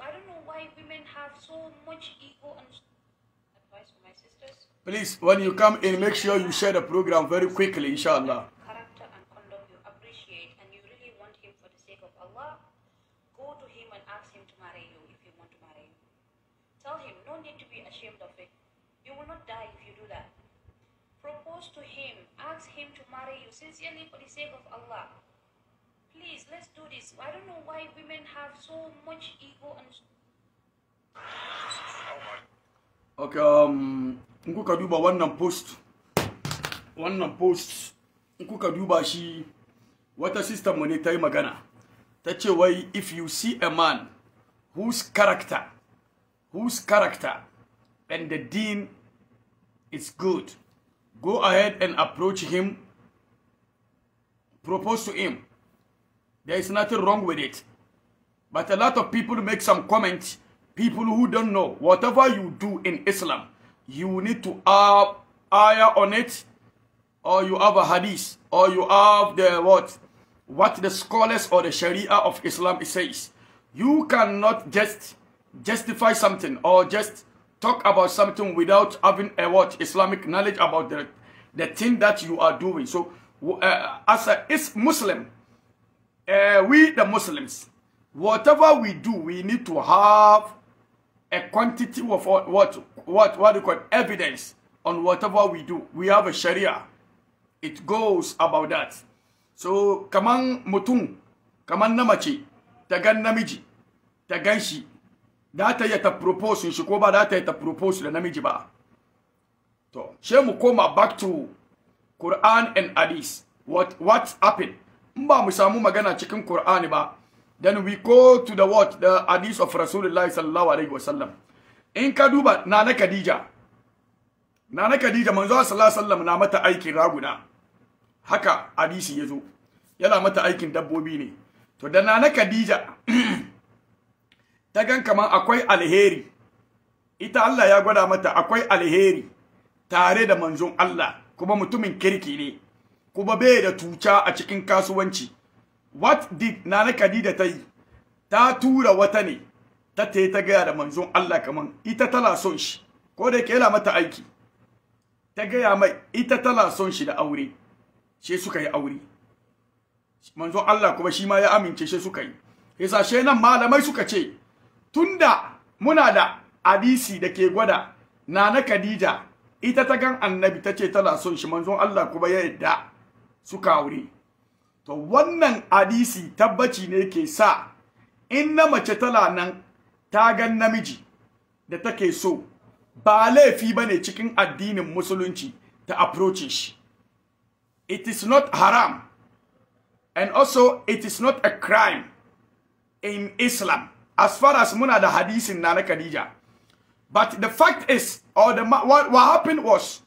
I don't know why women have so much ego and advice for my sisters. Please, when you come in, make sure you share the program very quickly, inshallah. Character and conduct you appreciate and you really want him for the sake of Allah, go to him and ask him to marry you if you want to marry him. Tell him, no need to be ashamed of it. You will not die if you do that. Propose to him, ask him to marry you sincerely for the sake of Allah. please, let's do this. I don't know why women have so much ego and. Okay, um, in duba wannan post, wannan post, nkuka duba shi wata sister mu ne ta yi magana. Ta ce wai if you see a man whose character, whose character and the deen is good, go ahead and approach him, propose to him, There is nothing wrong with it. But a lot of people make some comments, people who don't know. Whatever you do in Islam, you need to have ayah on it, or you have a hadith, or you have the what? What the scholars or the sharia of Islam says. You cannot just justify something or just talk about something without having a what Islamic knowledge about the, the thing that you are doing. So uh, as a Muslim, uh, we the Muslims, whatever we do, we need to have a quantity of what, what, what do you call it? evidence on whatever we do. We have a Sharia. It goes about that. So, kamang motung, kamang namachi, tagan namiji, tagan shi, da ta yi ta propose shi propose namiji ba. So she mu back to Quran and Hadith. What, what happened? ba mu samu magana cikin Qur'ani ba then we go to the what the hadith of Rasulullah sallallahu alaihi wasallam in ka duba nana Khadija nana Khadija manzo sallallahu alaihi wasallam na mata aikin raguna haka hadisi yazo yana mata aikin dabbobi ne to da nana Khadija ta gan kaman akwai alheri ita Allah ya gwada mata akwai alheri tare da manzon Allah kuma mutumin kirki ne kuma bai da tuca a cikin kasuwanci what did nana kadida ta yi ta tura wata ne ta te ta gaya da manzon Allah kaman ita tana son shi ko da yake yana mata aiki ta gaya mai ita tana son shi da aure she suka yi aure manzon Allah kuma shi ma ya amince she suka yi yasa she nan malamai suka ce tunda muna da hadisi da ke gwada nana Khadija ita ta gan annabi ce tana son shi manzon Allah kuma ya yadda suka aure to wannan hadisi tabbaci ne ke sa in na mace tana nan ta gan namiji da take so ba laifi bane cikin addinin musulunci ta approach shi it is not haram and also it is not a crime in Islam as far as muna da hadisin na na Khadija but the fact is or the what, what happened was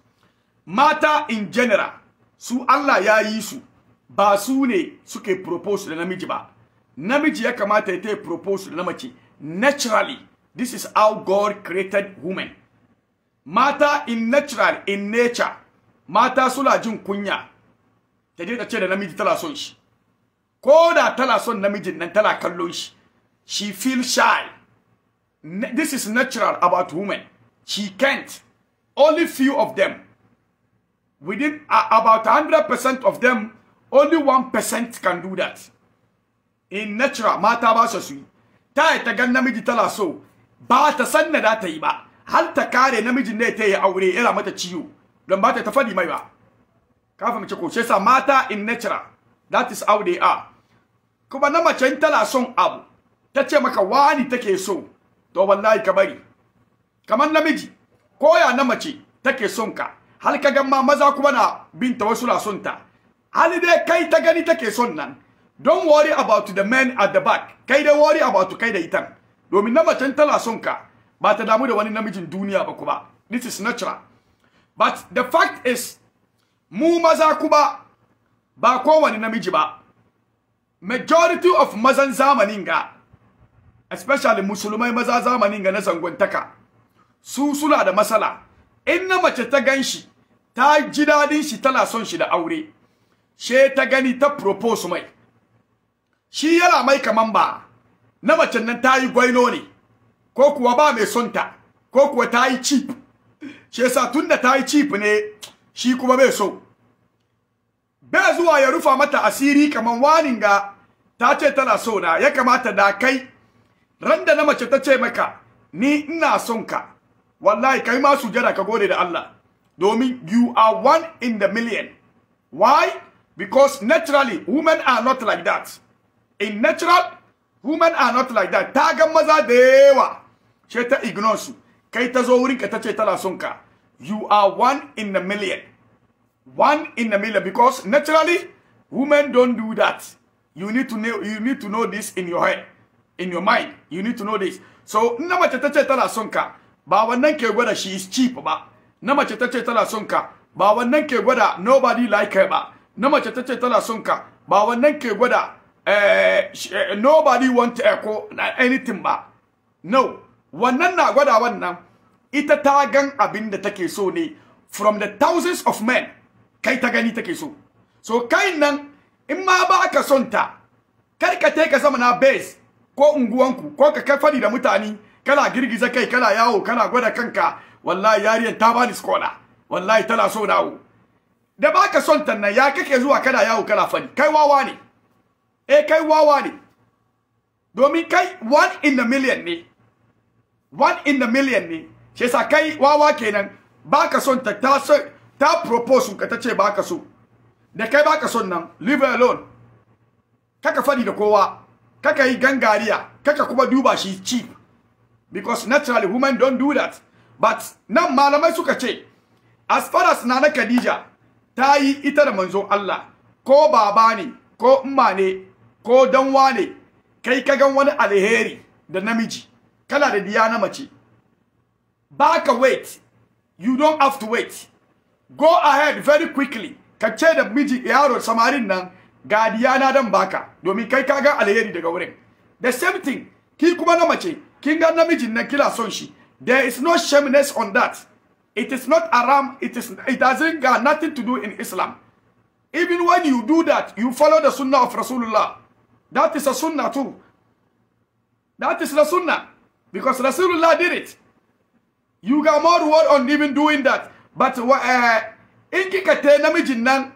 mata in general su Allah ya yi su ba su ne suke propose da namiji ba namiji ya kamata ya ta propose da namace naturally this is how God created women mata in natural in nature mata suna jin kunya ta je ta ce da namiji tana son shi ko da tana son namijin nan tana kallon shi she feel shy this is natural about women she can't only few of them within uh, about 100% of them, only 1% can do that. In natural, mata ba su su ta yi ta gan namiji tana so, ba ta san da ta yi ba, har ta kare namijin ne ta yi aure yana mata ciwo, don ba ta fadi mai ba. Ka fahimci ko sa mata in natural, that is how they are. Kuma na mace in tana son abu, ta ce maka wani take so, to wallahi ka bari. Kamar namiji, koya na mace take son ka, hal ka gan maza kuma na binta wasu na son ta hali dai kai ta gani take son nan don worry about the men at the back kai dai worry about kai da ita domin na macen tana son ka ba ta damu da wani namijin duniya ba kuma this is natural but the fact is mu maza kuma ba kowane namiji ba majority of mazan zamanin ga especially musulmai maza zamanin ga na zangontaka su suna da matsala in na mace ta ganshi ta ji dadin shi tana son shi da aure she ta gani ta propose mai shi yana mai kaman ba na macen nan ta yi gwaino ne ko kuwa ba mai son ta ko kuwa ta yi cheap she yasa tunda ta yi cheap ne shi kuma bai so bai zuwa ya rufa mata asiri kaman waninga? ga ta ce tana so na ya kamata da kai Randa na mace ta ce maka ni ina son ka wallahi kai ma sujada ka gode da Allah Domi, you are one in the million. Why? Because naturally, women are not like that. In natural, women are not like that. Taga maza da yawa. Ce ta ignore su. cheta ta zo wurinka You are one in a million. One in a million. Because naturally, women don't do that. You need to know, you need to know this in your head. In your mind. You need to know this. So, na mace cheta la sunka. son ka. Ba wannan ke she is cheap ba. na mace ta ce tana son ka ba wannan ke gwada nobody like her ba na mace ta ce tana son ka ba wannan ke gwada eh, eh, nobody want her ko anything ba no wannan na gwada wannan ita ta gan abin da take so ne from the thousands of men kai ta gani take so so kai nan in ma ba ka son ta kar ka ka sama na base ko unguwanku ko ka kai fadi da mutane kana girgiza kai kana yawo kana gwada kanka wallahi yariyar ta bani skola wallahi tana so dawo da baka son ta nan ya kake zuwa kana yawo kana fani kai wawa ne eh kai wawa ne domin kai one in a million ne one in a million ne shi yasa kai wawa kenan baka son ta ta ta propose ka ce baka so da kai baka son nan leave alone kaka fadi da kowa kaka yi gangariya kaka kuma duba shi cheap because naturally women don't do that but nan malamai suka ce as far as nana Khadija ta yi ita da manzon Allah ko baba ne ko umma ne ko danwa ne kai ka gan wani alheri da namiji kana da diya na mace baka wait you don't have to wait go ahead very quickly ka ce da miji yaro samarin nan ga diya na dan baka domin kai ka ga alheri daga wurin the same thing ki kuma na mace kin ga namijin nan kila son shi There is no shameness on that. It is not haram. It, is, it doesn't got nothing to do in Islam. Even when you do that, you follow the sunnah of Rasulullah. That is a sunnah too. That is the sunnah. Because Rasulullah did it. You got more word on even doing that. But uh, in kikate te namijin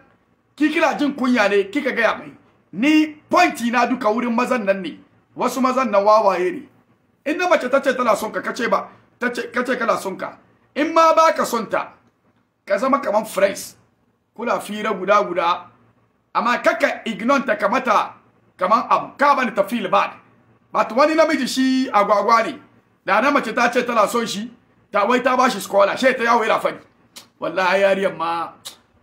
kikila jin kunya ne, kika Ni pointi na duka wurin mazan nani Wasu mazan na wawaye ne. In na mace ta ce ba, ta kace kana son ka in ma baka son ta ka zama kaman friends kula fira guda guda amma kaka ignore ta kamata kaman abu ka bani ta feel bad but wani namiji shi agwagwa ne da na mace ta ce tana son shi ta wai ta bashi scholar she ta yawo yana fadi wallahi yariyan ma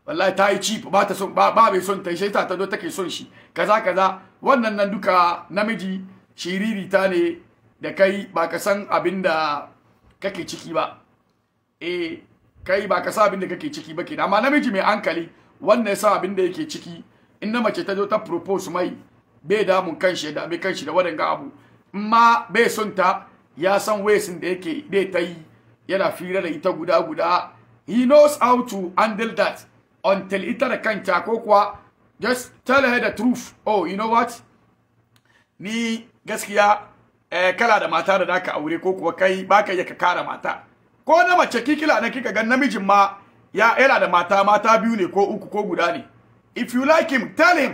wallahi ta yi cheap ba ta son ba ba bai son ta shi ta ta zo take son shi kaza kaza wannan nan duka namiji shiriri ta ne da kai ba ka san abinda kake ciki ba eh kai ba ka sa abin da kake ciki ba ke amma namiji mai hankali wannan ya sa abin da yake ciki in na mace ta zo ta propose mai bai damun kanshi da bai kanshi da wadanga abu ma bai son ta ya san ways da yake dai ta yi yana fira da ita guda guda he knows how to handle that until ita da kanta ko kuwa just tell her the truth oh you know what ni gaskiya eh, kala da mata da zaka aure ko kuwa kai baka iya ka kara mata ko na mace kikila na kika ga namijin ma ya yana da mata mata biyu ne ko uku ko guda ne if you like him tell him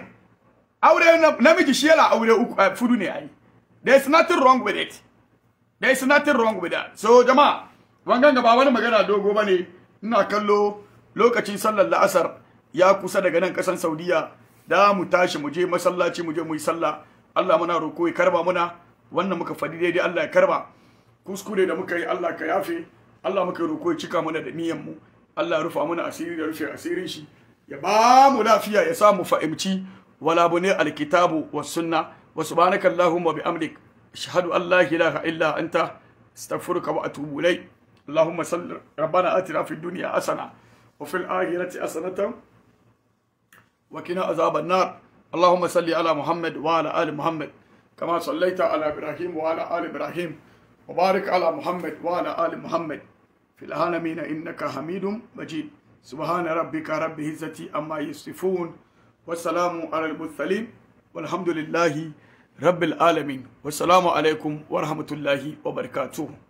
aure namiji shi yana aure uku uh, fudu ne ai there's nothing wrong with it there's nothing wrong with that so jama'a wangan gaba wani magana dogo bane ina kallo lokacin sallar la'asar ya kusa daga nan kasan saudiya da mu tashi mu je masallaci mu je mu yi sallah Allah muna roko ya karba muna wannan muka faɗi daidai Allah ya karba kuskure da muka yi Allah ka yafe Allah muka roko ya cika mana da niyyar mu Allah ya rufa mana asiri da rufe asirin shi ya ba mu lafiya ya sa mu fahimci wala bune alkitabu was sunna wa subhanaka allahumma bi amrik ashhadu an la ilaha illa anta astaghfiruka wa atubu ilayk اللهم صل ربنا آتنا في الدنيا حسنه وفي الآخرة حسنة وقنا عذاب النار اللهم صل على محمد وعلى آل محمد كما صليت على إبراهيم وعلى آل إبراهيم وبارك على محمد وعلى آل محمد في العالمين إنك حميد مجيد سبحان ربك رب العزة أما يصفون والسلام على المرسلين والحمد لله رب العالمين والسلام عليكم ورحمة الله وبركاته